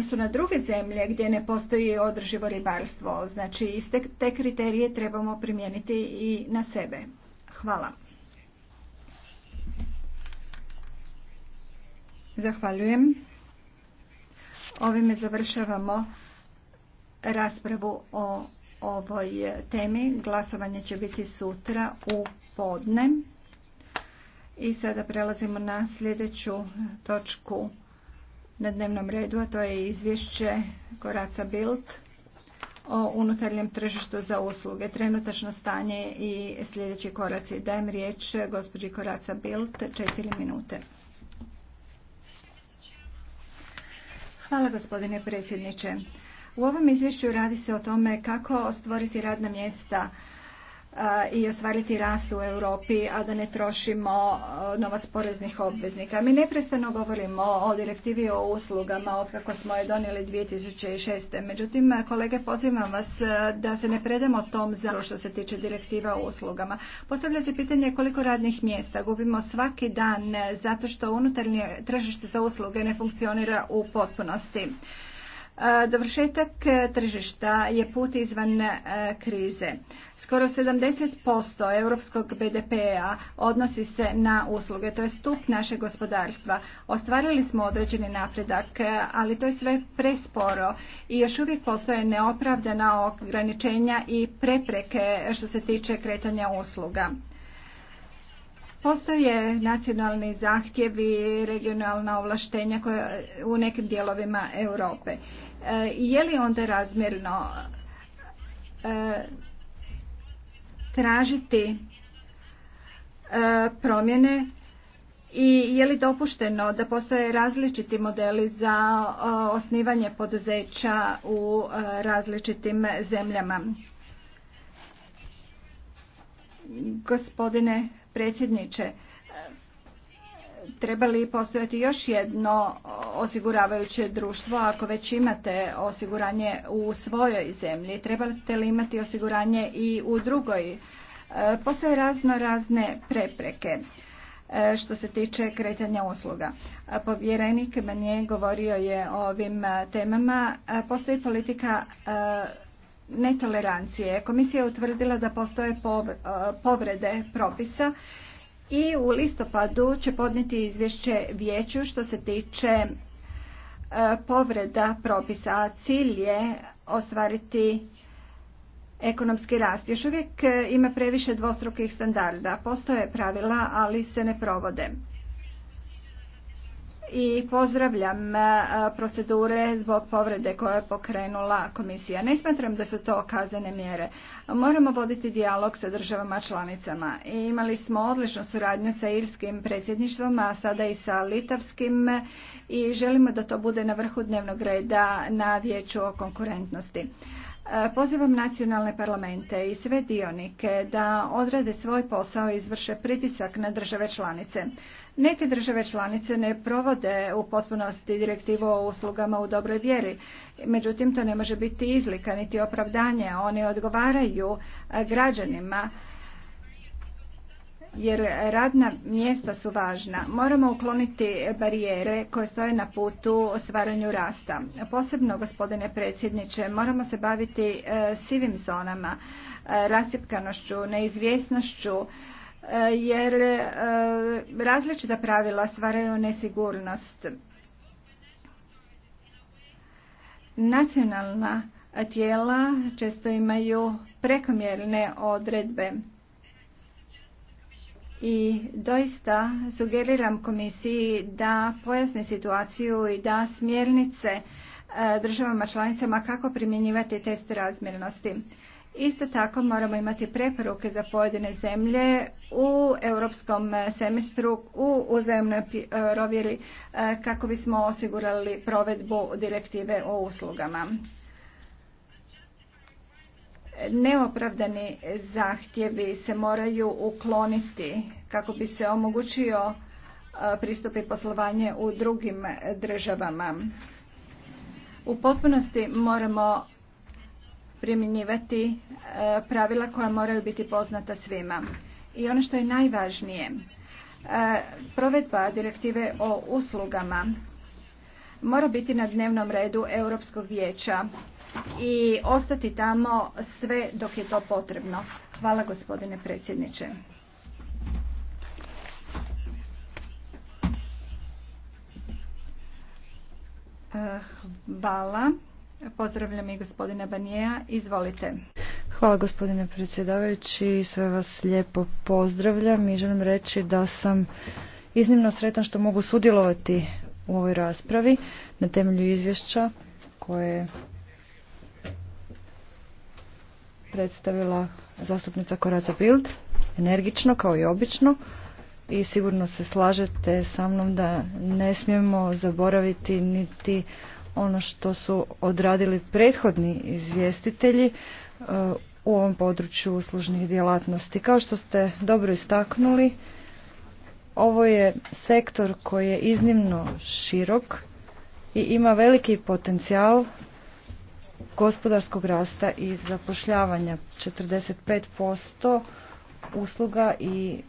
su na druge zemlje gdje ne postoji održivo ribarstvo. Znači, iste te kriterije trebamo primijeniti i na sebe. Hvala. Zahvaljujem. Ovime završavamo raspravu o ovoj temi. Glasovanje će biti sutra u podne. I sada prelazimo na sljedeću točku na dnevnom redu, a to je izvješće Koraca Bild o unutarnjem tržištu za usluge, trenutačno stanje i sljedeći koraci. Dajem riječ gospođi Koraca Bild, četiri minute. Hvala gospodine predsjedniče. U ovom izvješću radi se o tome kako stvoriti radna mjesta i ostvariti rast u Europi, a da ne trošimo novac poreznih obveznika. Mi neprestano govorimo o direktivi o uslugama od kako smo je donijeli 2006. Međutim, kolege, pozivam vas da se ne predamo tom za što se tiče direktiva o uslugama. Postavlja se pitanje koliko radnih mjesta gubimo svaki dan zato što unutarnje tržište za usluge ne funkcionira u potpunosti. Dovršetak e, tržišta je put izvan e, krize. Skoro 70% europskog BDP-a odnosi se na usluge, to je stup našeg gospodarstva. Ostvarili smo određeni napredak, e, ali to je sve presporo i još uvijek postoje neopravdana ograničenja i prepreke što se tiče kretanja usluga. Postoje nacionalni zahtjevi, regionalna ovlaštenja koja u nekim dijelovima Europe. E, je li onda razmjerno e, tražiti e, promjene i je li dopušteno da postoje različiti modeli za osnivanje poduzeća u različitim zemljama? Gospodine predsjedniče, treba li postojati još jedno osiguravajuće društvo ako već imate osiguranje u svojoj zemlji? Trebate li imati osiguranje i u drugoj? E, postoje razno razne prepreke e, što se tiče kretanja usluga. Povjerenik manje govorio je o ovim temama. E, postoji politika netolerancije. Komisija je utvrdila da postoje eh, povrede propisa i u listopadu će podnijeti izvješće vijeću što se tiče eh, povreda propisa, cilj je ostvariti ekonomski rast. Još uvijek eh, ima previše dvostrukih standarda. Postoje pravila, ali se ne provode i pozdravljam e, procedure zbog povrede koje je pokrenula komisija. Ne smatram da su to kazane mjere. Moramo voditi dijalog sa državama članicama. Imali smo odličnu suradnju sa irskim predsjedništvom, a sada i sa litavskim i želimo da to bude na vrhu dnevnog reda na vijeću o konkurentnosti. E, pozivam nacionalne parlamente i sve dionike da odrade svoj posao i izvrše pritisak na države članice. Neke države članice ne provode u potpunosti direktivu o uslugama u dobroj vjeri. Međutim, to ne može biti izlika niti opravdanje. Oni odgovaraju e, građanima jer radna mjesta su važna. Moramo ukloniti barijere koje stoje na putu stvaranju rasta. Posebno, gospodine predsjedniče, moramo se baviti e, sivim zonama, e, rasjepkanošću, neizvjesnošću, jer e, različita pravila stvaraju nesigurnost. Nacionalna tijela često imaju prekomjerne odredbe i doista sugeriram komisiji da pojasni situaciju i da smjernice e, državama članicama kako primjenjivati test razmjernosti. Isto tako moramo imati preporuke za pojedine zemlje u europskom semestru u uzajemnoj e, provjeri e, kako bismo osigurali provedbu direktive o uslugama. Neopravdani zahtjevi se moraju ukloniti kako bi se omogućio e, pristup i poslovanje u drugim državama. U potpunosti moramo primjenjivati e, pravila koja moraju biti poznata svima. I ono što je najvažnije, e, provedba direktive o uslugama mora biti na dnevnom redu Europskog vijeća i ostati tamo sve dok je to potrebno. Hvala gospodine predsjedniče. E, hvala. Pozdravljam i gospodina Banija. Izvolite. Hvala gospodine predsjedavajući. Sve vas lijepo pozdravljam i želim reći da sam iznimno sretan što mogu sudjelovati u ovoj raspravi na temelju izvješća koje je predstavila zastupnica Koraza Bild, energično kao i obično i sigurno se slažete sa mnom da ne smijemo zaboraviti niti ono što su odradili prethodni izvjestitelji e, u ovom području uslužnih djelatnosti. Kao što ste dobro istaknuli, ovo je sektor koji je iznimno širok i ima veliki potencijal gospodarskog rasta i zapošljavanja. 45% usluga i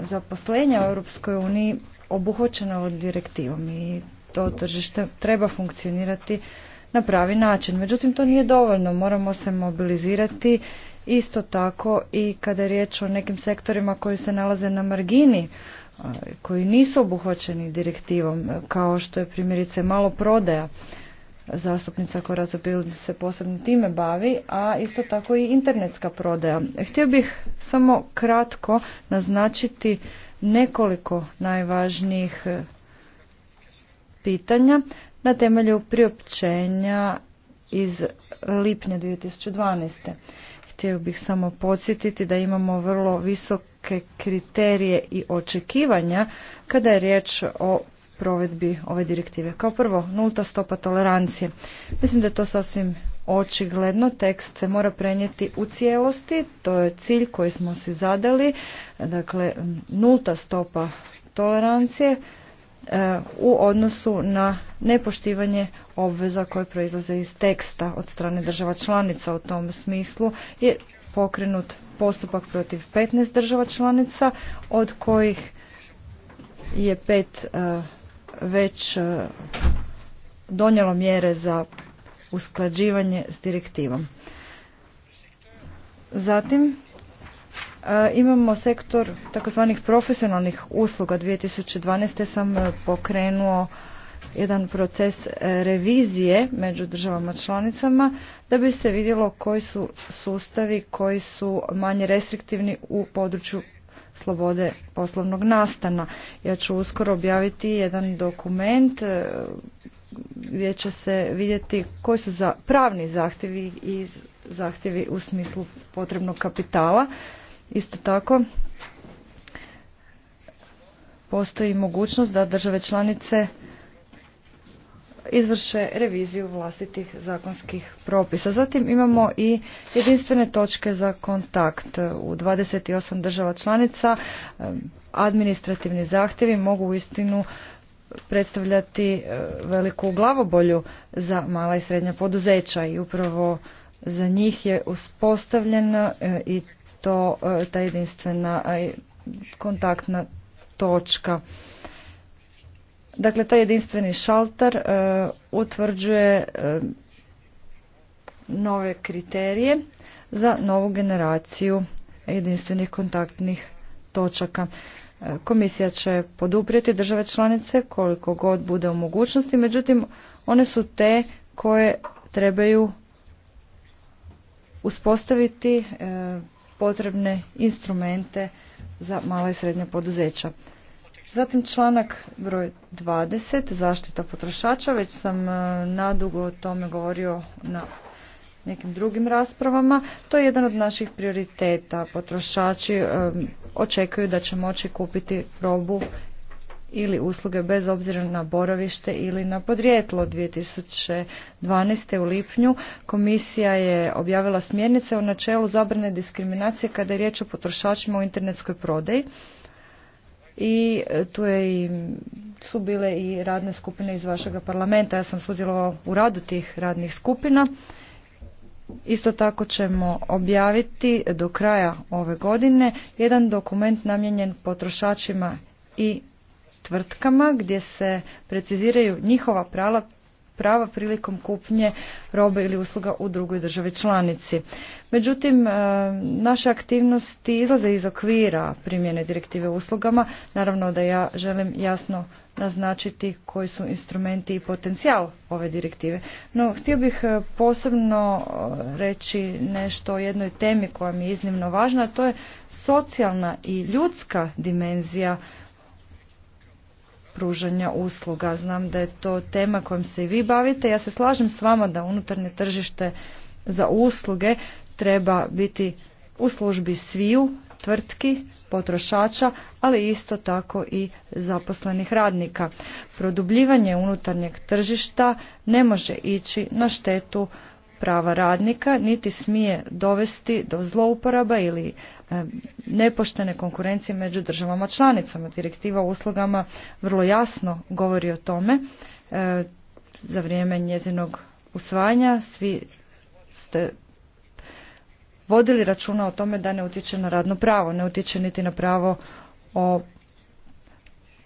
zaposlenja u Europskoj uniji obuhvaćeno direktivom i to tržište treba funkcionirati na pravi način. Međutim, to nije dovoljno. Moramo se mobilizirati isto tako i kada je riječ o nekim sektorima koji se nalaze na margini koji nisu obuhvaćeni direktivom, kao što je primjerice malo prodaja. Zastupnica koja se posebno time bavi, a isto tako i internetska prodaja. Htio bih samo kratko naznačiti nekoliko najvažnijih pitanja na temelju priopćenja iz lipnja 2012. Htio bih samo podsjetiti da imamo vrlo visoke kriterije i očekivanja kada je riječ o provedbi ove direktive. Kao prvo, nulta stopa tolerancije. Mislim da je to sasvim očigledno. Tekst se mora prenijeti u cijelosti. To je cilj koji smo si zadali. Dakle, nulta stopa tolerancije E, u odnosu na nepoštivanje obveza koje proizlaze iz teksta od strane država članica u tom smislu je pokrenut postupak protiv 15 država članica od kojih je pet e, već e, donijelo mjere za usklađivanje s direktivom. Zatim E, imamo sektor takozvanih profesionalnih usluga. 2012. sam e, pokrenuo jedan proces e, revizije među državama članicama da bi se vidjelo koji su sustavi koji su manje restriktivni u području slobode poslovnog nastana. Ja ću uskoro objaviti jedan dokument gdje će se vidjeti koji su za pravni zahtjevi i zahtjevi u smislu potrebnog kapitala Isto tako, postoji mogućnost da države članice izvrše reviziju vlastitih zakonskih propisa. Zatim imamo i jedinstvene točke za kontakt. U 28 država članica administrativni zahtjevi mogu uistinu predstavljati e, veliku glavobolju za mala i srednja poduzeća i upravo za njih je uspostavljen e, i to e, ta jedinstvena kontaktna točka. Dakle, taj jedinstveni šalter e, utvrđuje e, nove kriterije za novu generaciju jedinstvenih kontaktnih točaka. komisija će poduprijeti države članice koliko god bude u mogućnosti, međutim one su te koje trebaju uspostaviti potrebne instrumente za mala i srednja poduzeća. Zatim članak broj 20, zaštita potrošača, već sam e, nadugo o tome govorio na nekim drugim raspravama. To je jedan od naših prioriteta. Potrošači e, očekuju da će moći kupiti robu ili usluge bez obzira na boravište ili na podrijetlo. 2012. u lipnju komisija je objavila smjernice o načelu zabrane diskriminacije kada je riječ o potrošačima u internetskoj prodaji i e, tu je i, su bile i radne skupine iz vašega parlamenta. Ja sam sudjelovao u radu tih radnih skupina. Isto tako ćemo objaviti do kraja ove godine jedan dokument namijenjen potrošačima i tvrtkama gdje se preciziraju njihova prava prava prilikom kupnje robe ili usluga u drugoj državi članici. Međutim, e, naše aktivnosti izlaze iz okvira primjene direktive uslugama. Naravno da ja želim jasno naznačiti koji su instrumenti i potencijal ove direktive. No, htio bih e, posebno e, reći nešto o jednoj temi koja mi je iznimno važna, a to je socijalna i ljudska dimenzija pružanja usluga. Znam da je to tema kojom se i vi bavite. Ja se slažem s vama da unutarnje tržište za usluge treba biti u službi sviju, tvrtki, potrošača, ali isto tako i zaposlenih radnika. Produbljivanje unutarnjeg tržišta ne može ići na štetu prava radnika, niti smije dovesti do zlouporaba ili e, nepoštene konkurencije među državama članicama. Direktiva o uslugama vrlo jasno govori o tome. E, za vrijeme njezinog usvajanja svi ste vodili računa o tome da ne utječe na radno pravo, ne utječe niti na pravo o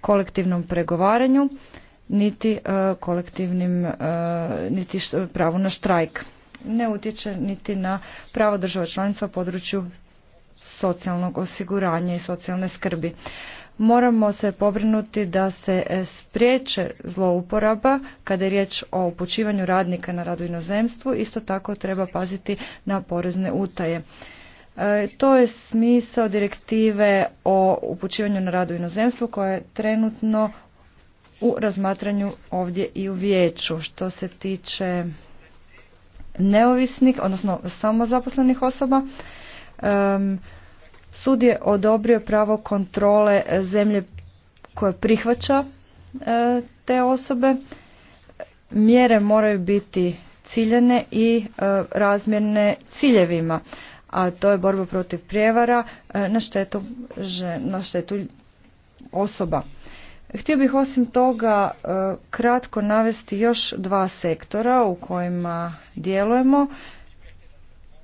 kolektivnom pregovaranju, niti e, kolektivnim, niti pravu na štrajk ne utječe niti na pravo država članica u području socijalnog osiguranja i socijalne skrbi. Moramo se pobrinuti da se spriječe zlouporaba kada je riječ o upućivanju radnika na radu inozemstvu, isto tako treba paziti na porezne utaje. E, to je smisao direktive o upućivanju na radu inozemstvu koja je trenutno u razmatranju ovdje i u vijeću. Što se tiče neovisnih, odnosno samozaposlenih osoba. Um, sud je odobrio pravo kontrole zemlje koje prihvaća e, te osobe. Mjere moraju biti ciljene i e, razmjerne ciljevima, a to je borba protiv prijevara e, na štetu, na štetu osoba. Htio bih osim toga kratko navesti još dva sektora u kojima djelujemo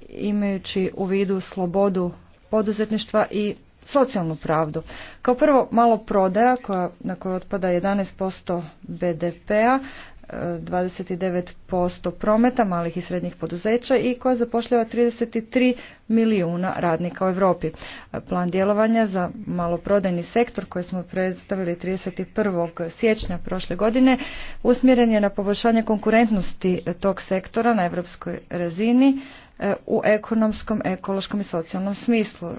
imajući u vidu slobodu poduzetništva i socijalnu pravdu. Kao prvo malo prodaja koja, na koju otpada 11% BDP-a 29% prometa malih i srednjih poduzeća i koja zapošljava 33 milijuna radnika u Europi. Plan djelovanja za maloprodajni sektor koji smo predstavili 31. siječnja prošle godine usmjeren je na poboljšanje konkurentnosti tog sektora na europskoj razini E, u ekonomskom, ekološkom i socijalnom smislu.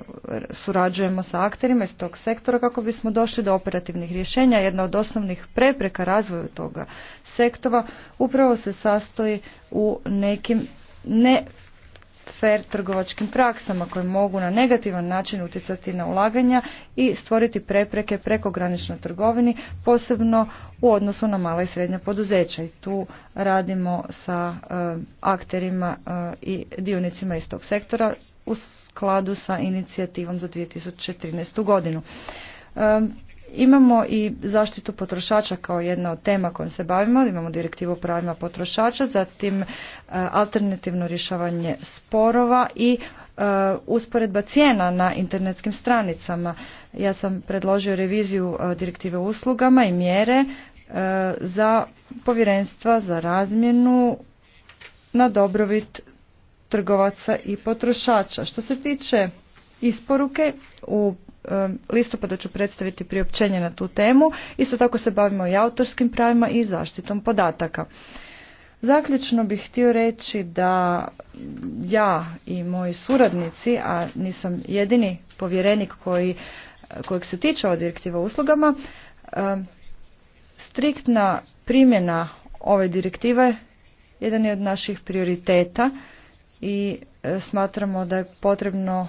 Surađujemo sa akterima iz tog sektora kako bismo došli do operativnih rješenja. Jedna od osnovnih prepreka razvoju toga sektora upravo se sastoji u nekim ne fer trgovačkim praksama koje mogu na negativan način utjecati na ulaganja i stvoriti prepreke prekograničnoj trgovini, posebno u odnosu na mala i srednja poduzeća. I tu radimo sa eh, akterima eh, i dionicima iz tog sektora u skladu sa inicijativom za 2013. godinu. Eh, Imamo i zaštitu potrošača kao jedna od tema kojom se bavimo, imamo direktivu o pravima potrošača, zatim e, alternativno rješavanje sporova i e, usporedba cijena na internetskim stranicama. Ja sam predložio reviziju e, direktive uslugama i mjere za povjerenstva za razmjenu na dobrobit trgovaca i potrošača. Što se tiče isporuke u Um, listopada ću predstaviti priopćenje na tu temu. Isto tako se bavimo i autorskim pravima i zaštitom podataka. Zaključno bih htio reći da ja i moji suradnici, a nisam jedini povjerenik koji, kojeg se tiče ova direktiva o uslugama, um, striktna primjena ove direktive jedan je od naših prioriteta i e, smatramo da je potrebno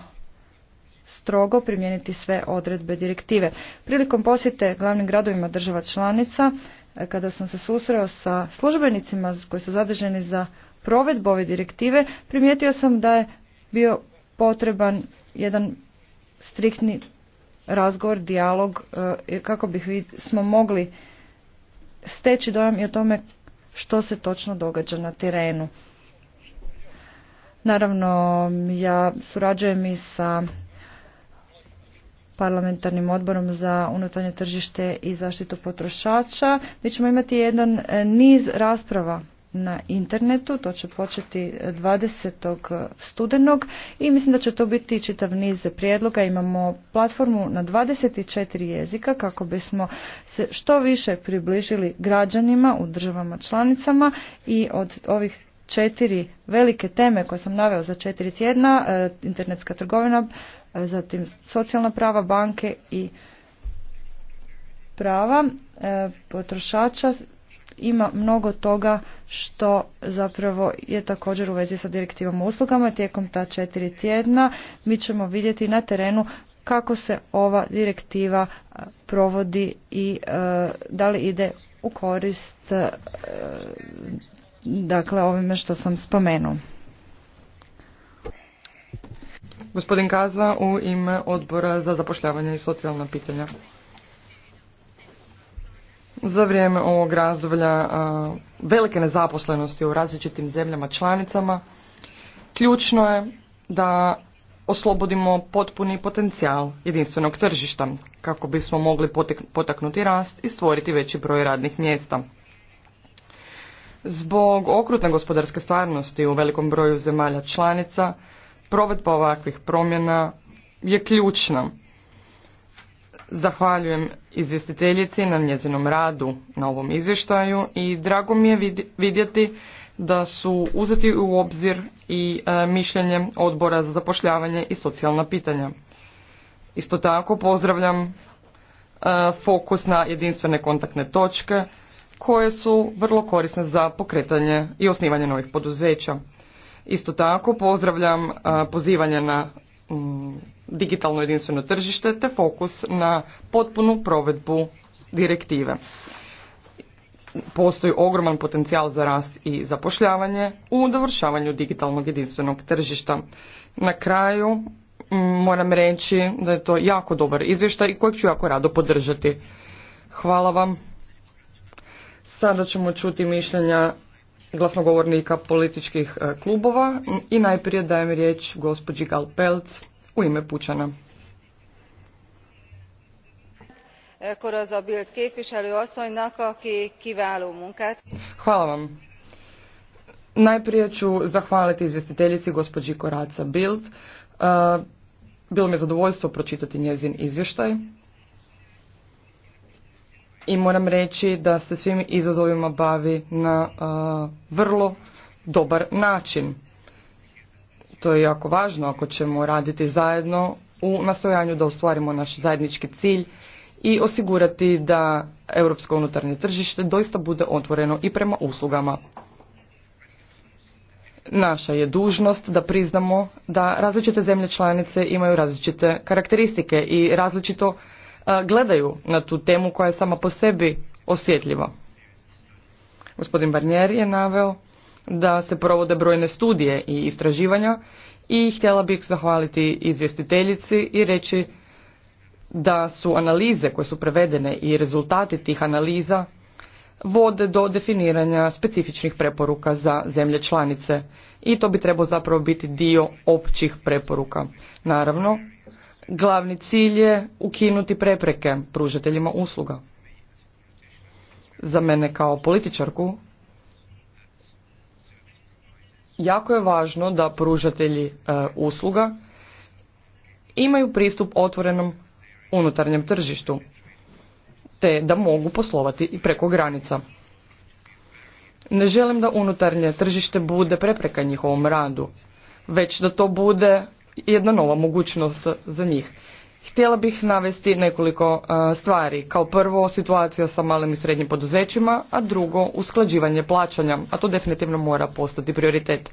strogo primijeniti sve odredbe direktive. Prilikom posjete glavnim gradovima država članica, e, kada sam se susreo sa službenicima koji su zadrženi za provedbu ove direktive, primijetio sam da je bio potreban jedan striktni razgovor, dijalog e, kako bi smo mogli steći dojam i o tome što se točno događa na terenu. Naravno, ja surađujem i sa parlamentarnim odborom za unutarnje tržište i zaštitu potrošača. Mi ćemo imati jedan e, niz rasprava na internetu, to će početi 20. E, studenog i mislim da će to biti čitav niz prijedloga. Imamo platformu na 24 jezika kako bismo se što više približili građanima u državama članicama i od ovih četiri velike teme koje sam naveo za četiri tjedna, e, internetska trgovina, zatim socijalna prava banke i prava e, potrošača ima mnogo toga što zapravo je također u vezi sa direktivom o uslugama. Tijekom ta četiri tjedna mi ćemo vidjeti na terenu kako se ova direktiva e, provodi i e, da li ide u korist dakle ovime što sam spomenuo. Gospodin Kaza u ime odbora za zapošljavanje i socijalna pitanja. Za vrijeme ovog razdoblja velike nezaposlenosti u različitim zemljama članicama ključno je da oslobodimo potpuni potencijal jedinstvenog tržišta kako bismo mogli potaknuti rast i stvoriti veći broj radnih mjesta. Zbog okrutne gospodarske stvarnosti u velikom broju zemalja članica Provedba ovakvih promjena je ključna. Zahvaljujem izvjestiteljici na njezinom radu na ovom izvještaju i drago mi je vidjeti da su uzeti u obzir i e, mišljenje odbora za zapošljavanje i socijalna pitanja. Isto tako pozdravljam e, fokus na jedinstvene kontaktne točke koje su vrlo korisne za pokretanje i osnivanje novih poduzeća. Isto tako pozdravljam pozivanje na mm, digitalno jedinstveno tržište te fokus na potpunu provedbu direktive. Postoji ogroman potencijal za rast i zapošljavanje u dovršavanju digitalnog jedinstvenog tržišta. Na kraju mm, moram reći da je to jako dobar izvještaj kojeg ću jako rado podržati. Hvala vam. Sada ćemo čuti mišljenja glasnogovornika političkih e, klubova i najprije dajem riječ gospođi Pelt u ime Pučana. Hvala vam. Najprije ću zahvaliti izvjestiteljici gospođi Koraca Bild. E, bilo mi je zadovoljstvo pročitati njezin izvještaj i moram reći da se svim izazovima bavi na vrlo dobar način. To je jako važno ako ćemo raditi zajedno u nastojanju da ostvarimo naš zajednički cilj i osigurati da europsko unutarnje tržište doista bude otvoreno i prema uslugama. Naša je dužnost da priznamo da različite zemlje članice imaju različite karakteristike i različito gledaju na tu temu koja je sama po sebi osjetljiva. Gospodin Barnier je naveo da se provode brojne studije i istraživanja i htjela bih zahvaliti izvjestiteljici i reći da su analize koje su prevedene i rezultati tih analiza vode do definiranja specifičnih preporuka za zemlje članice i to bi trebao zapravo biti dio općih preporuka. Naravno, Glavni cilj je ukinuti prepreke pružateljima usluga. Za mene kao političarku jako je važno da pružatelji e, usluga imaju pristup otvorenom unutarnjem tržištu te da mogu poslovati i preko granica. Ne želim da unutarnje tržište bude prepreka njihovom radu, već da to bude jedna nova mogućnost za njih. Htjela bih navesti nekoliko e, stvari. Kao prvo, situacija sa malim i srednjim poduzećima, a drugo, usklađivanje plaćanja, a to definitivno mora postati prioritet.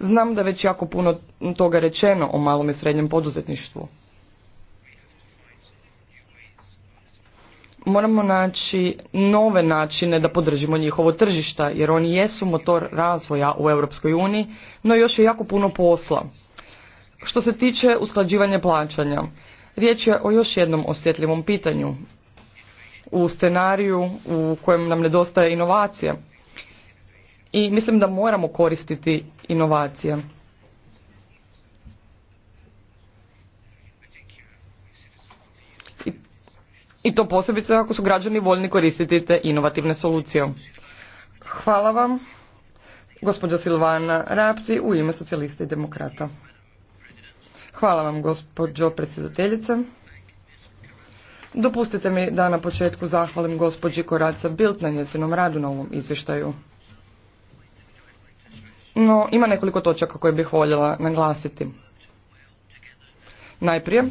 Znam da je već jako puno toga rečeno o malom i srednjem poduzetništvu. Moramo naći nove načine da podržimo njihovo tržišta, jer oni jesu motor razvoja u EU, no još je jako puno posla što se tiče usklađivanja plaćanja, riječ je o još jednom osjetljivom pitanju u scenariju u kojem nam nedostaje inovacije. I mislim da moramo koristiti inovacije. I to posebice ako su građani voljni koristiti te inovativne solucije. Hvala vam, gospođa Silvana Rapti, u ime socijalista i demokrata. Hvala vam gospođo predsjedateljice. Dopustite mi da na početku zahvalim gospođi Koraca Bilt na njezinom radu na ovom izvještaju. No, ima nekoliko točaka koje bih voljela naglasiti. Najprije,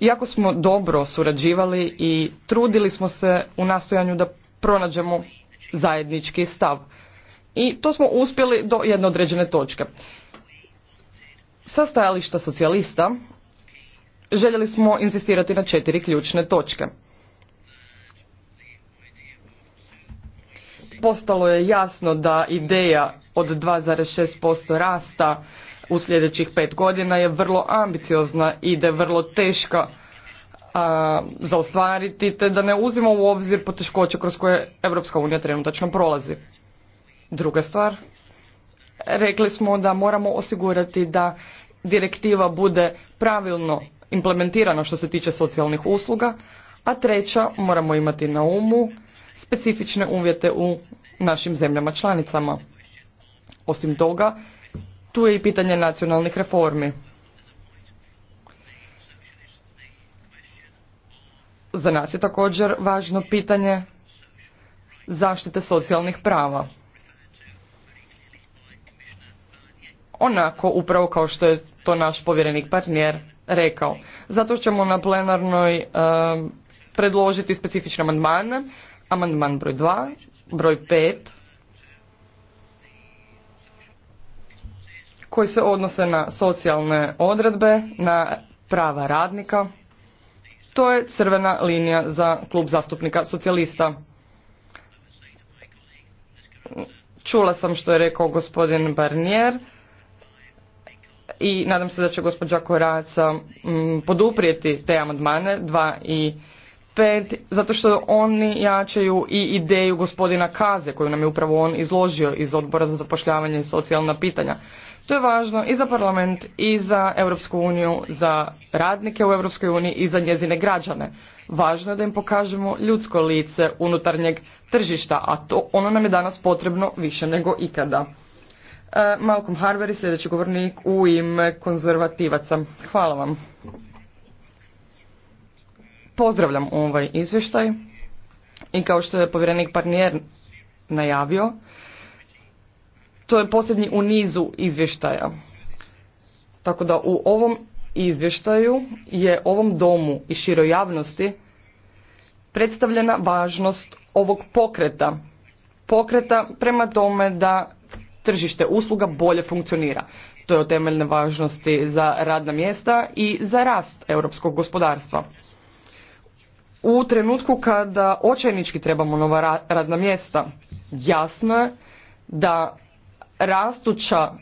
iako smo dobro surađivali i trudili smo se u nastojanju da pronađemo zajednički stav. I to smo uspjeli do jedne određene točke. Sa stajališta socijalista željeli smo insistirati na četiri ključne točke. Postalo je jasno da ideja od 2,6% rasta u sljedećih pet godina je vrlo ambiciozna, i da je vrlo teška a, te da ne uzimo u obzir poteškoće kroz koje Europska unija trenutačno prolazi. Druga stvar, rekli smo da moramo osigurati da direktiva bude pravilno implementirana što se tiče socijalnih usluga, a treća moramo imati na umu specifične uvjete u našim zemljama članicama. Osim toga, tu je i pitanje nacionalnih reformi. Za nas je također važno pitanje zaštite socijalnih prava. onako upravo kao što je to naš povjerenik partner rekao. Zato ćemo na plenarnoj predložiti specifične amandmane, amandman broj 2, broj 5, koji se odnose na socijalne odredbe, na prava radnika. To je crvena linija za klub zastupnika socijalista. Čula sam što je rekao gospodin Barnier i nadam se da će gospođa Koraca mm, poduprijeti te amandmane 2 i pet zato što oni jačaju i ideju gospodina Kaze koju nam je upravo on izložio iz odbora za zapošljavanje i socijalna pitanja. To je važno i za parlament i za Europsku uniju, za radnike u Europskoj uniji i za njezine građane. Važno je da im pokažemo ljudsko lice unutarnjeg tržišta, a to ono nam je danas potrebno više nego ikada. E, Malcolm Harber sljedeći govornik u ime konzervativaca. Hvala vam. Pozdravljam ovaj izvještaj i kao što je povjerenik partner najavio, to je posljednji u nizu izvještaja. Tako da u ovom izvještaju je ovom domu i široj javnosti predstavljena važnost ovog pokreta. Pokreta prema tome da tržište usluga bolje funkcionira. To je o temeljne važnosti za radna mjesta i za rast europskog gospodarstva. U trenutku kada očajnički trebamo nova radna mjesta, jasno je da rastuća,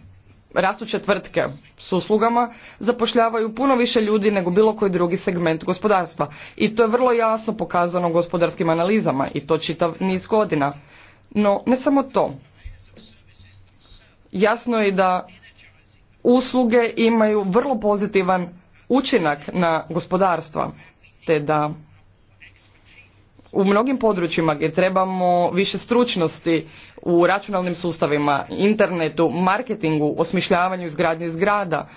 rastuće tvrtke s uslugama zapošljavaju puno više ljudi nego bilo koji drugi segment gospodarstva. I to je vrlo jasno pokazano gospodarskim analizama i to čitav niz godina. No, ne samo to jasno je da usluge imaju vrlo pozitivan učinak na gospodarstva, te da u mnogim područjima gdje trebamo više stručnosti u računalnim sustavima, internetu, marketingu, osmišljavanju izgradnje zgrada,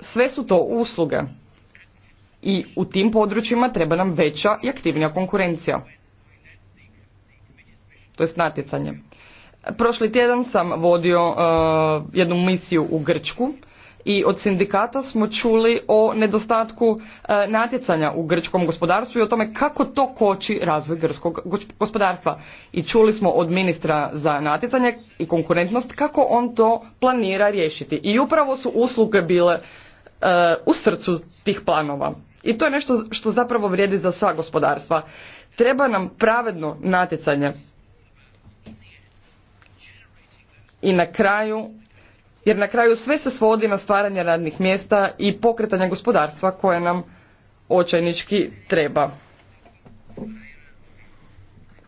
sve su to usluge i u tim područjima treba nam veća i aktivnija konkurencija. To je natjecanje. Prošli tjedan sam vodio e, jednu misiju u Grčku i od sindikata smo čuli o nedostatku e, natjecanja u grčkom gospodarstvu i o tome kako to koči razvoj grčkog gospodarstva. I čuli smo od ministra za natjecanje i konkurentnost kako on to planira riješiti. I upravo su usluge bile e, u srcu tih planova. I to je nešto što zapravo vrijedi za sva gospodarstva. Treba nam pravedno natjecanje i na kraju jer na kraju sve se svodi na stvaranje radnih mjesta i pokretanje gospodarstva koje nam očajnički treba.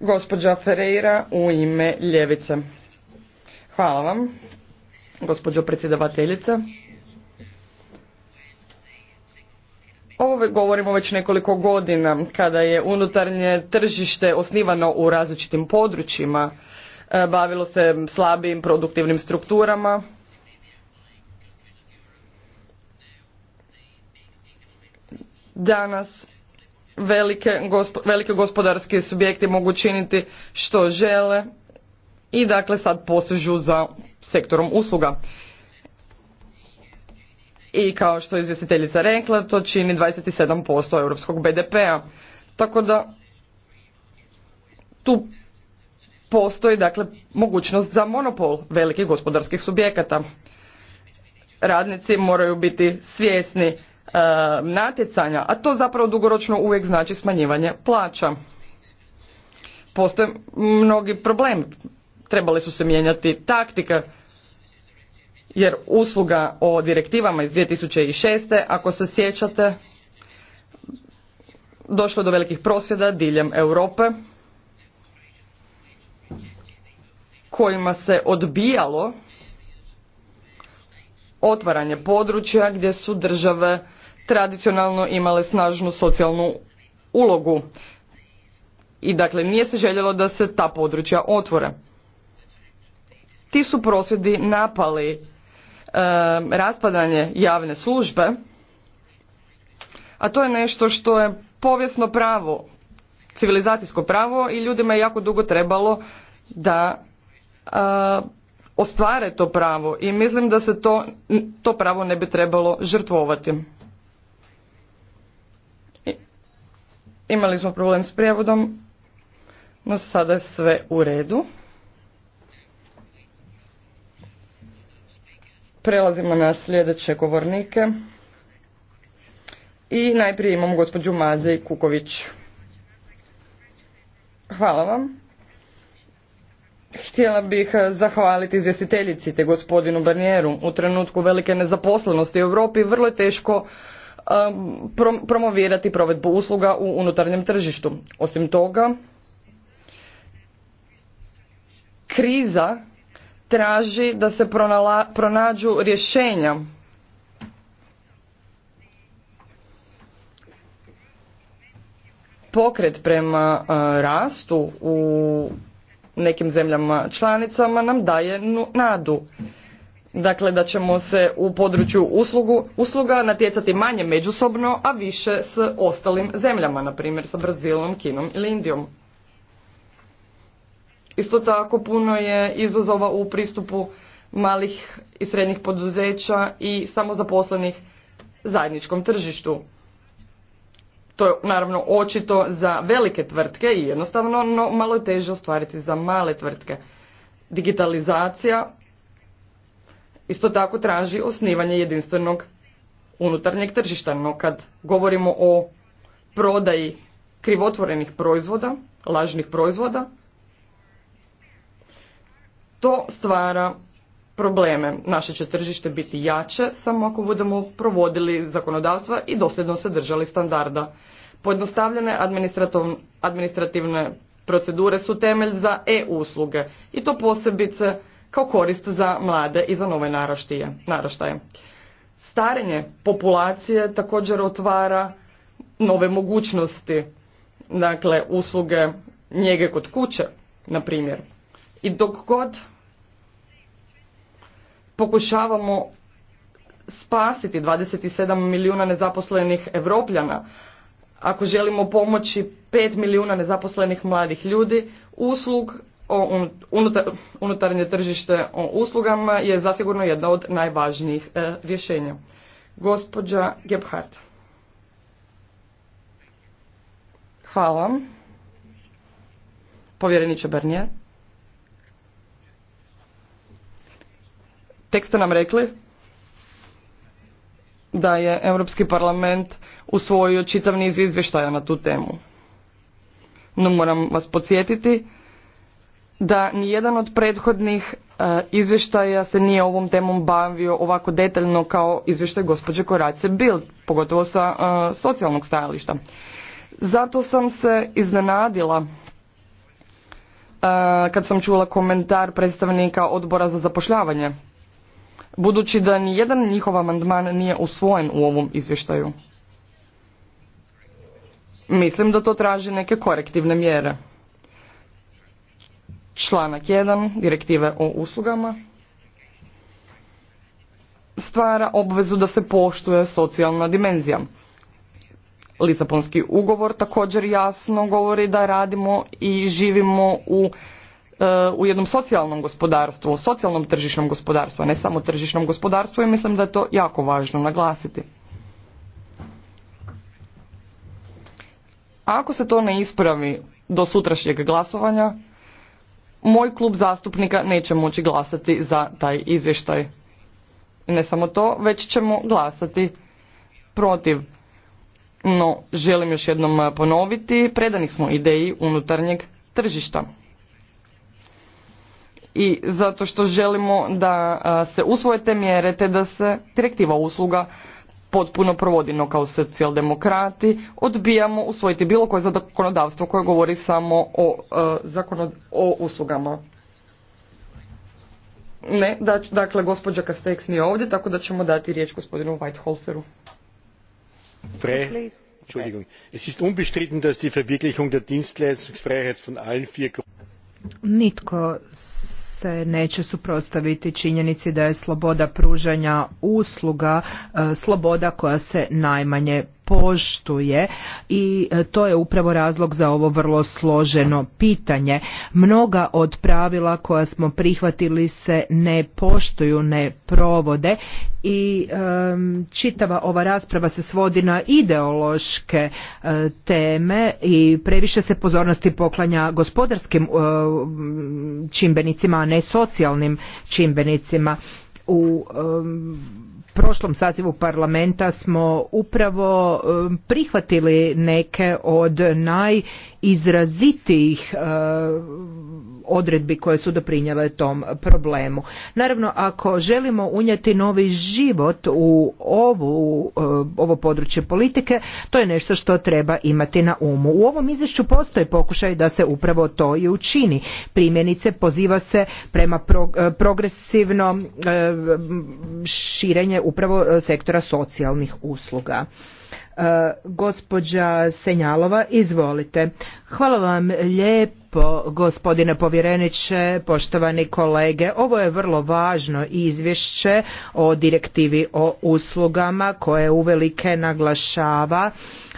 Gospođa Ferreira u ime Ljevice. Hvala vam, gospođo predsjedavateljice. Ovo govorimo već nekoliko godina kada je unutarnje tržište osnivano u različitim područjima E, bavilo se slabijim produktivnim strukturama. Danas velike, gospodarski subjekti mogu činiti što žele i dakle sad posežu za sektorom usluga. I kao što je izvjestiteljica rekla, to čini 27% europskog BDP-a. Tako da tu postoji dakle mogućnost za monopol velikih gospodarskih subjekata. Radnici moraju biti svjesni e, natjecanja, a to zapravo dugoročno uvijek znači smanjivanje plaća. Postoje mnogi problemi. Trebali su se mijenjati taktike jer usluga o direktivama iz 2006. ako se sjećate došlo do velikih prosvjeda diljem Europe kojima se odbijalo otvaranje područja gdje su države tradicionalno imale snažnu socijalnu ulogu i dakle nije se željelo da se ta područja otvore. Ti su prosvjedi napali e, raspadanje javne službe, a to je nešto što je povijesno pravo, civilizacijsko pravo i ljudima je jako dugo trebalo da ostvare to pravo i mislim da se to, to pravo ne bi trebalo žrtvovati. Imali smo problem s prijevodom, no sada je sve u redu. Prelazimo na sljedeće govornike. I najprije imamo gospođu Mazej Kuković. Hvala vam. Htjela bih eh, zahvaliti izvjestiteljici te gospodinu Barnieru. U trenutku velike nezaposlenosti u Europi vrlo je teško eh, promovirati provedbu usluga u unutarnjem tržištu. Osim toga, kriza traži da se pronađu rješenja pokret prema eh, rastu u u nekim zemljama članicama nam daje nadu. Dakle, da ćemo se u području uslugu, usluga natjecati manje međusobno, a više s ostalim zemljama, na primjer sa Brazilom, Kinom ili Indijom. Isto tako puno je izazova u pristupu malih i srednjih poduzeća i samozaposlenih zajedničkom tržištu. To je naravno očito za velike tvrtke i jednostavno, no malo je teže ostvariti za male tvrtke. Digitalizacija isto tako traži osnivanje jedinstvenog unutarnjeg tržišta, no kad govorimo o prodaji krivotvorenih proizvoda, lažnih proizvoda, to stvara probleme. Naše će tržište biti jače samo ako budemo provodili zakonodavstva i dosljedno se držali standarda. Pojednostavljene administrativne procedure su temelj za e-usluge i to posebice kao korist za mlade i za nove naraštaje. Starenje populacije također otvara nove mogućnosti, dakle usluge njege kod kuće, na primjer. I dok god pokušavamo spasiti 27 milijuna nezaposlenih Evropljana, ako želimo pomoći 5 milijuna nezaposlenih mladih ljudi, uslug o unutar, unutarnje tržište o uslugama je zasigurno jedna od najvažnijih e, rješenja. Gospođa Gebhardt. Hvala. Povjereniče Barnier. Tek ste nam rekli da je Europski parlament usvojio čitav niz izvještaja na tu temu. No moram vas podsjetiti da nijedan od prethodnih e, izvještaja se nije ovom temom bavio ovako detaljno kao izvještaj gospođe Korace Bild, pogotovo sa e, socijalnog stajališta. Zato sam se iznenadila e, kad sam čula komentar predstavnika odbora za zapošljavanje budući da ni jedan njihov amandman nije usvojen u ovom izvještaju. Mislim da to traži neke korektivne mjere. Članak 1 direktive o uslugama stvara obvezu da se poštuje socijalna dimenzija. Lisabonski ugovor također jasno govori da radimo i živimo u u jednom socijalnom gospodarstvu, socijalnom tržišnom gospodarstvu, a ne samo tržišnom gospodarstvu i mislim da je to jako važno naglasiti. ako se to ne ispravi do sutrašnjeg glasovanja, moj klub zastupnika neće moći glasati za taj izvještaj. Ne samo to, već ćemo glasati protiv. No, želim još jednom ponoviti, predani smo ideji unutarnjeg tržišta i zato što želimo da se usvoje te mjere te da se direktiva usluga potpuno provodino kao socijaldemokrati, odbijamo usvojiti bilo koje zakonodavstvo koje govori samo o, o uslugama. Ne, da, dakle, gospođa Kasteks nije ovdje, tako da ćemo dati riječ gospodinu Whiteholseru. Fre, Entschuldigung. Es ist unbestritten, dass die Verwirklichung der Dienstleistungsfreiheit von allen vier Nitko se neće suprotstaviti činjenici da je sloboda pružanja usluga e, sloboda koja se najmanje poštuje i e, to je upravo razlog za ovo vrlo složeno pitanje. Mnoga od pravila koja smo prihvatili se ne poštuju, ne provode i čitava ova rasprava se svodi na ideološke e, teme i previše se pozornosti poklanja gospodarskim e, čimbenicima, a ne socijalnim čimbenicima. U prošlom sazivu parlamenta smo upravo um, prihvatili neke od naj izrazitijih e, odredbi koje su doprinjele tom problemu. Naravno, ako želimo unijeti novi život u ovu, e, ovo područje politike, to je nešto što treba imati na umu. U ovom izvješću postoji pokušaj da se upravo to i učini. Primjenice poziva se prema pro, e, širenje upravo sektora socijalnih usluga. E, gospođa Senjalova, izvolite. Hvala vam lijepo gospodine povjereniče, poštovani kolege. Ovo je vrlo važno izvješće o direktivi o uslugama koje uvelike naglašava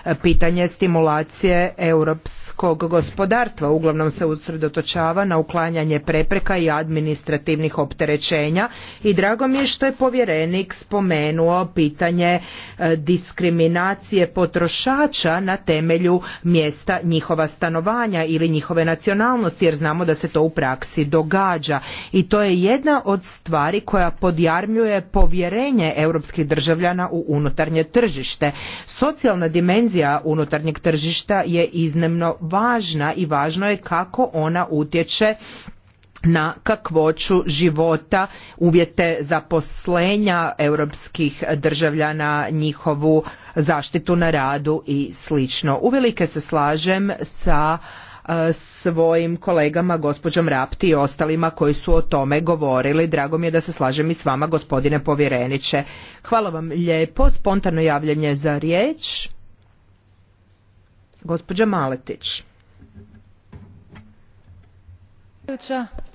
E, pitanje stimulacije europskog gospodarstva uglavnom se usredotočava na uklanjanje prepreka i administrativnih opterećenja i drago mi je što je povjerenik spomenuo pitanje e, diskriminacije potrošača na temelju mjesta njihova stanovanja ili njihove nacionalnosti jer znamo da se to u praksi događa i to je jedna od stvari koja podjarmljuje povjerenje europskih državljana u unutarnje tržište. Socijalna dimenzija dimenzija unutarnjeg tržišta je iznimno važna i važno je kako ona utječe na kakvoću života, uvjete zaposlenja europskih državljana, njihovu zaštitu na radu i slično. Uvelike se slažem sa e, svojim kolegama gospođom Rapti i ostalima koji su o tome govorili. Drago mi je da se slažem i s vama gospodine povjereniče. Hvala vam lijepo. Spontano javljanje za riječ. Gospođa Maletić.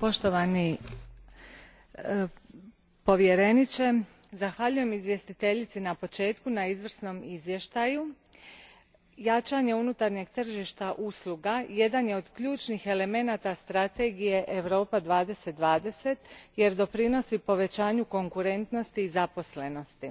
Poštovani e, povjereniče, zahvaljujem izvjestiteljici na početku na izvrsnom izvještaju. Jačanje unutarnjeg tržišta usluga jedan je od ključnih elemenata strategije Europa 2020 jer doprinosi povećanju konkurentnosti i zaposlenosti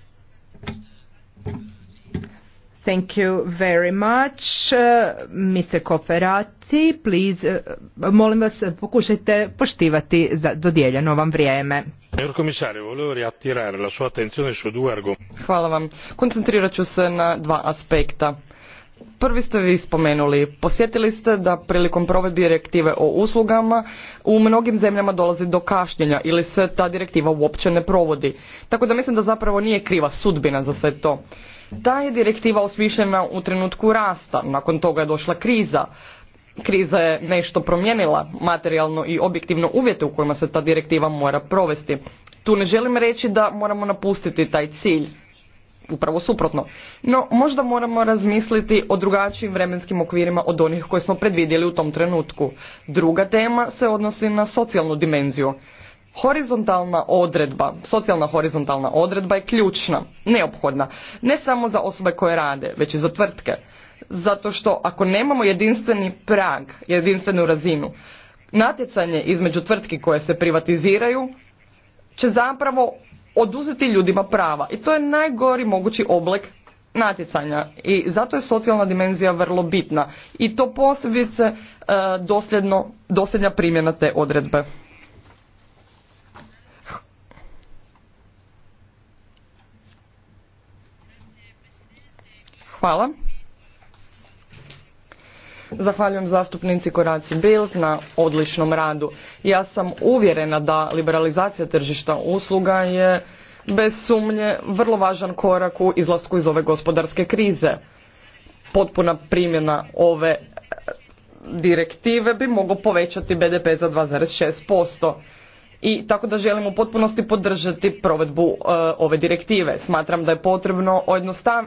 Thank you very much. Uh, Mr. please, uh, molim vas, pokušajte poštivati dodijeljeno vam vrijeme. Hvala vam. Koncentrirat ću se na dva aspekta. Prvi ste vi spomenuli. Posjetili ste da prilikom provedbe direktive o uslugama u mnogim zemljama dolazi do kašnjenja ili se ta direktiva uopće ne provodi. Tako da mislim da zapravo nije kriva sudbina za sve to. Ta je direktiva osmišljena u trenutku rasta, nakon toga je došla kriza. Kriza je nešto promijenila materijalno i objektivno uvjete u kojima se ta direktiva mora provesti. Tu ne želim reći da moramo napustiti taj cilj, upravo suprotno. No, možda moramo razmisliti o drugačijim vremenskim okvirima od onih koje smo predvidjeli u tom trenutku. Druga tema se odnosi na socijalnu dimenziju. Horizontalna odredba, socijalna horizontalna odredba je ključna, neophodna, ne samo za osobe koje rade, već i za tvrtke. Zato što ako nemamo jedinstveni prag, jedinstvenu razinu, natjecanje između tvrtki koje se privatiziraju će zapravo oduzeti ljudima prava. I to je najgori mogući oblik natjecanja i zato je socijalna dimenzija vrlo bitna i to posebice e, dosljedno, dosljedna primjena te odredbe. Hvala. Zahvaljujem zastupnici Koraci Bild na odličnom radu. Ja sam uvjerena da liberalizacija tržišta usluga je bez sumnje vrlo važan korak u izlasku iz ove gospodarske krize. Potpuna primjena ove e, direktive bi moglo povećati BDP za 2,6% i tako da želim u potpunosti podržati provedbu e, ove direktive. Smatram da je potrebno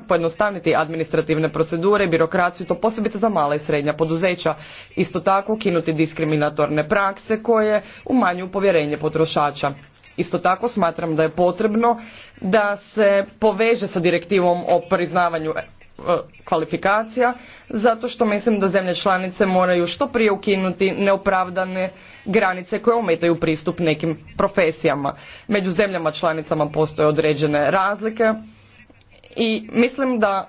pojednostavniti administrativne procedure i birokraciju, to posebite za mala i srednja poduzeća. Isto tako kinuti diskriminatorne prakse koje umanjuju povjerenje potrošača. Isto tako smatram da je potrebno da se poveže sa direktivom o priznavanju E, kvalifikacija zato što mislim da zemlje članice moraju što prije ukinuti neopravdane granice koje ometaju pristup nekim profesijama. Među zemljama članicama postoje određene razlike i mislim da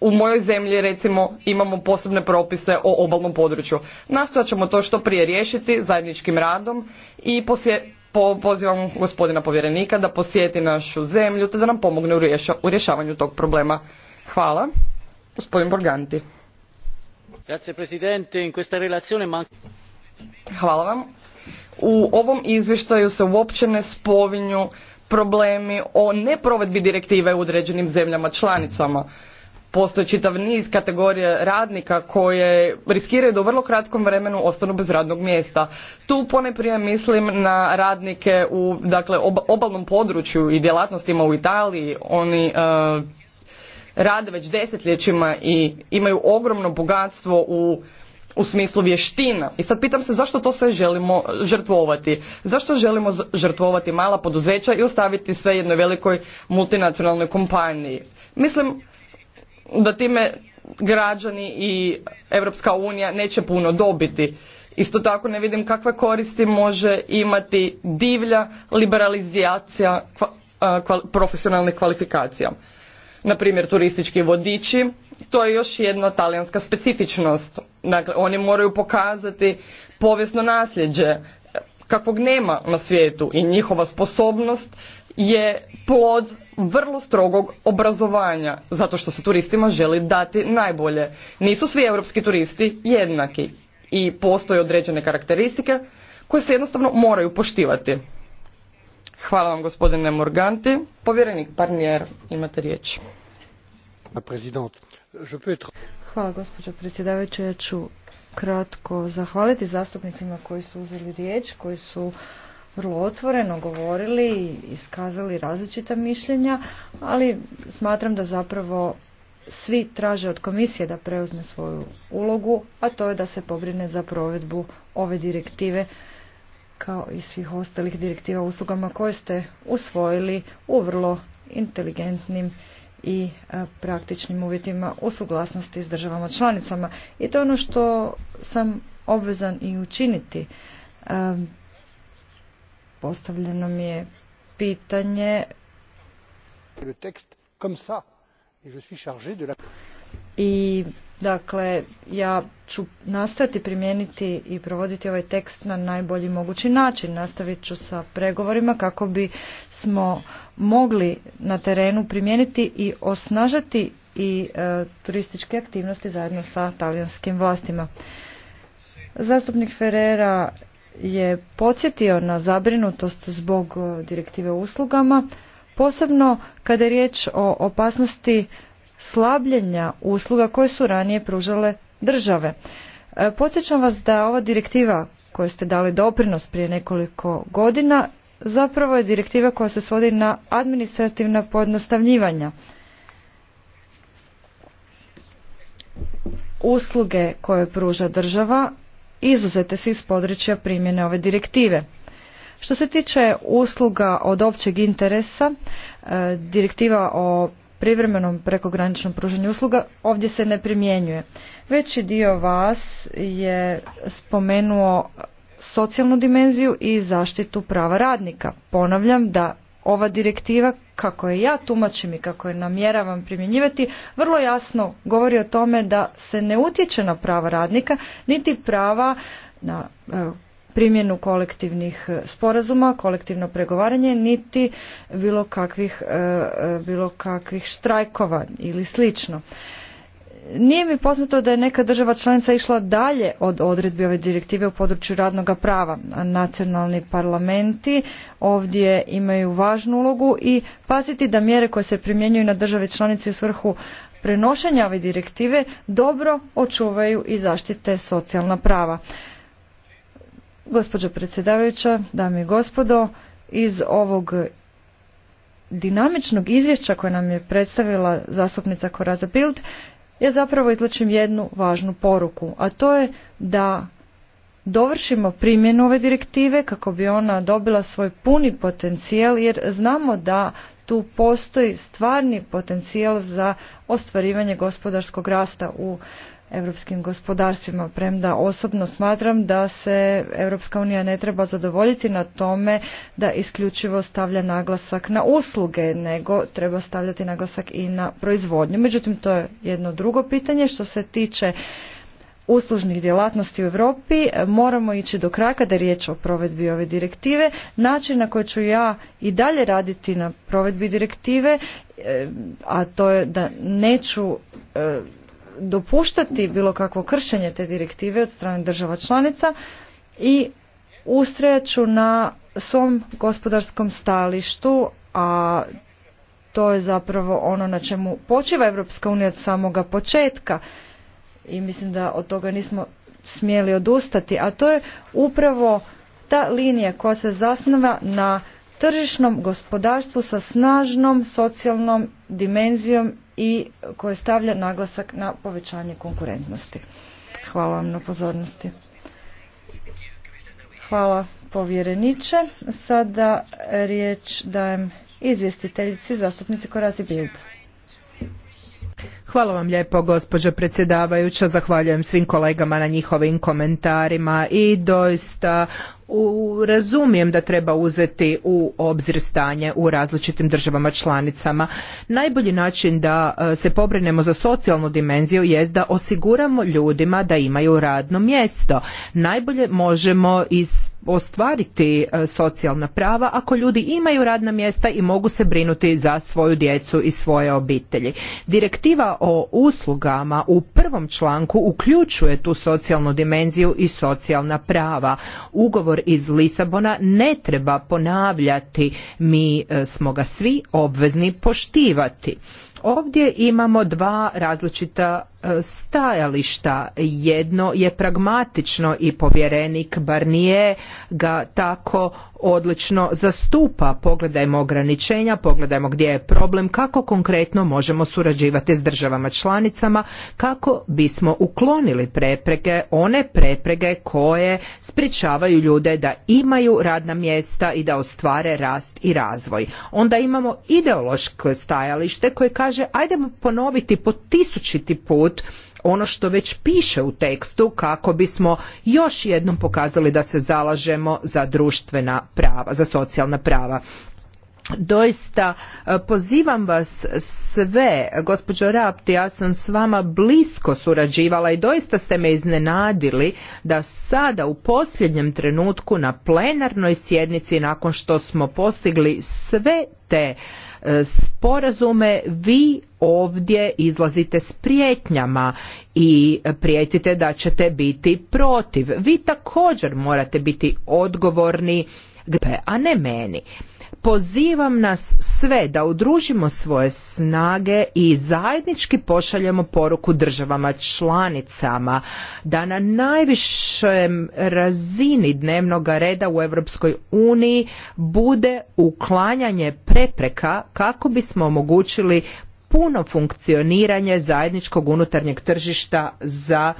u mojoj zemlji recimo imamo posebne propise o obalnom području. Nastojat ćemo to što prije riješiti zajedničkim radom i pozivam gospodina povjerenika da posjeti našu zemlju te da nam pomogne u rješavanju tog problema. Hvala. Gospodin Borganti. Hvala vam. U ovom izvještaju se uopće ne spovinju problemi o neprovedbi direktive u određenim zemljama članicama. Postoji čitav niz kategorije radnika koje riskiraju da u vrlo kratkom vremenu ostanu bez radnog mjesta. Tu poneprije mislim na radnike u dakle, obalnom području i djelatnostima u Italiji. Oni eh, rade već desetljećima i imaju ogromno bogatstvo u u smislu vještina. I sad pitam se zašto to sve želimo žrtvovati? Zašto želimo žrtvovati mala poduzeća i ostaviti sve jednoj velikoj multinacionalnoj kompaniji? Mislim da time građani i Europska unija neće puno dobiti. Isto tako ne vidim kakve koristi može imati divlja liberalizacija profesionalnih kvalifikacija na primjer turistički vodiči to je još jedna talijanska specifičnost dakle oni moraju pokazati povijesno nasljeđe kakvog nema na svijetu i njihova sposobnost je plod vrlo strogog obrazovanja zato što se turistima želi dati najbolje nisu svi europski turisti jednaki i postoje određene karakteristike koje se jednostavno moraju poštivati Hvala vam gospodine Morganti. Povjerenik Parnijer, imate riječ. Hvala gospođo predsjedavajuća. Ja ću kratko zahvaliti zastupnicima koji su uzeli riječ, koji su vrlo otvoreno govorili i iskazali različita mišljenja, ali smatram da zapravo svi traže od komisije da preuzme svoju ulogu, a to je da se pobrine za provedbu ove direktive kao i svih ostalih direktiva uslugama koje ste usvojili u vrlo inteligentnim i e, praktičnim uvjetima u suglasnosti s državama članicama. I to je ono što sam obvezan i učiniti. E, postavljeno mi je pitanje i dakle ja ću nastojati primijeniti i provoditi ovaj tekst na najbolji mogući način. Nastavit ću sa pregovorima kako bi smo mogli na terenu primijeniti i osnažati i e, turističke aktivnosti zajedno sa talijanskim vlastima. Zastupnik Ferrera je podsjetio na zabrinutost zbog e, direktive uslugama, posebno kada je riječ o opasnosti slabljenja usluga koje su ranije pružale države. E, podsjećam vas da ova direktiva koju ste dali doprinos prije nekoliko godina zapravo je direktiva koja se svodi na administrativna pojednostavljivanja. Usluge koje pruža država izuzete se iz područja primjene ove direktive. Što se tiče usluga od općeg interesa, e, direktiva o privremenom prekograničnom pružanju usluga ovdje se ne primjenjuje. Veći dio vas je spomenuo socijalnu dimenziju i zaštitu prava radnika. Ponavljam da ova direktiva, kako je ja tumačim i kako je namjeravam primjenjivati, vrlo jasno govori o tome da se ne utječe na prava radnika, niti prava na e, primjenu kolektivnih e, sporazuma, kolektivno pregovaranje, niti bilo kakvih, e, e, bilo kakvih štrajkova ili slično. Nije mi poznato da je neka država članica išla dalje od odredbi ove direktive u području radnog prava. Nacionalni parlamenti ovdje imaju važnu ulogu i paziti da mjere koje se primjenjuju na države članice u svrhu prenošenja ove direktive dobro očuvaju i zaštite socijalna prava. Gospođo predsjedavajuća, dame i gospodo, iz ovog dinamičnog izvješća koje nam je predstavila zastupnica Koraza Bild, ja zapravo izlačim jednu važnu poruku, a to je da dovršimo primjenu ove direktive kako bi ona dobila svoj puni potencijal jer znamo da tu postoji stvarni potencijal za ostvarivanje gospodarskog rasta u europskim gospodarstvima, premda osobno smatram da se Europska unija ne treba zadovoljiti na tome da isključivo stavlja naglasak na usluge, nego treba stavljati naglasak i na proizvodnju. Međutim, to je jedno drugo pitanje što se tiče uslužnih djelatnosti u Europi moramo ići do kraja kada je riječ o provedbi ove direktive. Način na koji ću ja i dalje raditi na provedbi direktive, e, a to je da neću e, dopuštati bilo kakvo kršenje te direktive od strane država članica i ustrajat ću na svom gospodarskom stalištu, a to je zapravo ono na čemu počiva Europska unija od samoga početka i mislim da od toga nismo smjeli odustati, a to je upravo ta linija koja se zasnova na tržišnom gospodarstvu sa snažnom socijalnom dimenzijom i koje stavlja naglasak na povećanje konkurentnosti. Hvala vam na pozornosti. Hvala povjereniče. Sada riječ dajem izvjestiteljici zastupnici Korazi Bild. Hvala vam lijepo gospođo predsjedavajuća, zahvaljujem svim kolegama na njihovim komentarima i doista u, razumijem da treba uzeti u obzir stanje u različitim državama članicama. Najbolji način da e, se pobrinemo za socijalnu dimenziju jest da osiguramo ljudima da imaju radno mjesto. Najbolje možemo ostvariti e, socijalna prava ako ljudi imaju radna mjesta i mogu se brinuti za svoju djecu i svoje obitelji. Direktiva o uslugama u prvom članku uključuje tu socijalnu dimenziju i socijalna prava. Ugovor iz Lisabona ne treba ponavljati, mi e, smo ga svi obvezni poštivati. Ovdje imamo dva različita E, stajališta. Jedno je pragmatično i povjerenik nije ga tako odlično zastupa. Pogledajmo ograničenja, pogledajmo gdje je problem, kako konkretno možemo surađivati s državama članicama, kako bismo uklonili prepreke, one prepreke koje spričavaju ljude da imaju radna mjesta i da ostvare rast i razvoj. Onda imamo ideološko stajalište koje kaže ajdemo ponoviti po tisućiti put ono što već piše u tekstu kako bismo još jednom pokazali da se zalažemo za društvena prava, za socijalna prava doista e, pozivam vas sve, gospođo Rapti, ja sam s vama blisko surađivala i doista ste me iznenadili da sada u posljednjem trenutku na plenarnoj sjednici nakon što smo postigli sve te e, sporazume vi ovdje izlazite s prijetnjama i prijetite da ćete biti protiv. Vi također morate biti odgovorni a ne meni pozivam nas sve da udružimo svoje snage i zajednički pošaljemo poruku državama članicama da na najvišem razini dnevnog reda u Europskoj uniji bude uklanjanje prepreka kako bismo omogućili puno funkcioniranje zajedničkog unutarnjeg tržišta za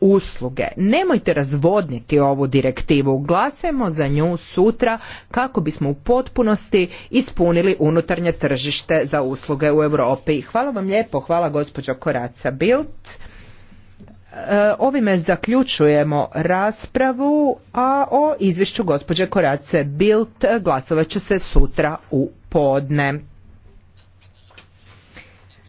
usluge. Nemojte razvodniti ovu direktivu, glasajmo za nju sutra kako bismo u potpunosti ispunili unutarnje tržište za usluge u Europi. Hvala vam lijepo, hvala gospođo Koraca Bilt. E, ovime zaključujemo raspravu, a o izvješću gospođe Korace Bilt glasovat će se sutra u podne.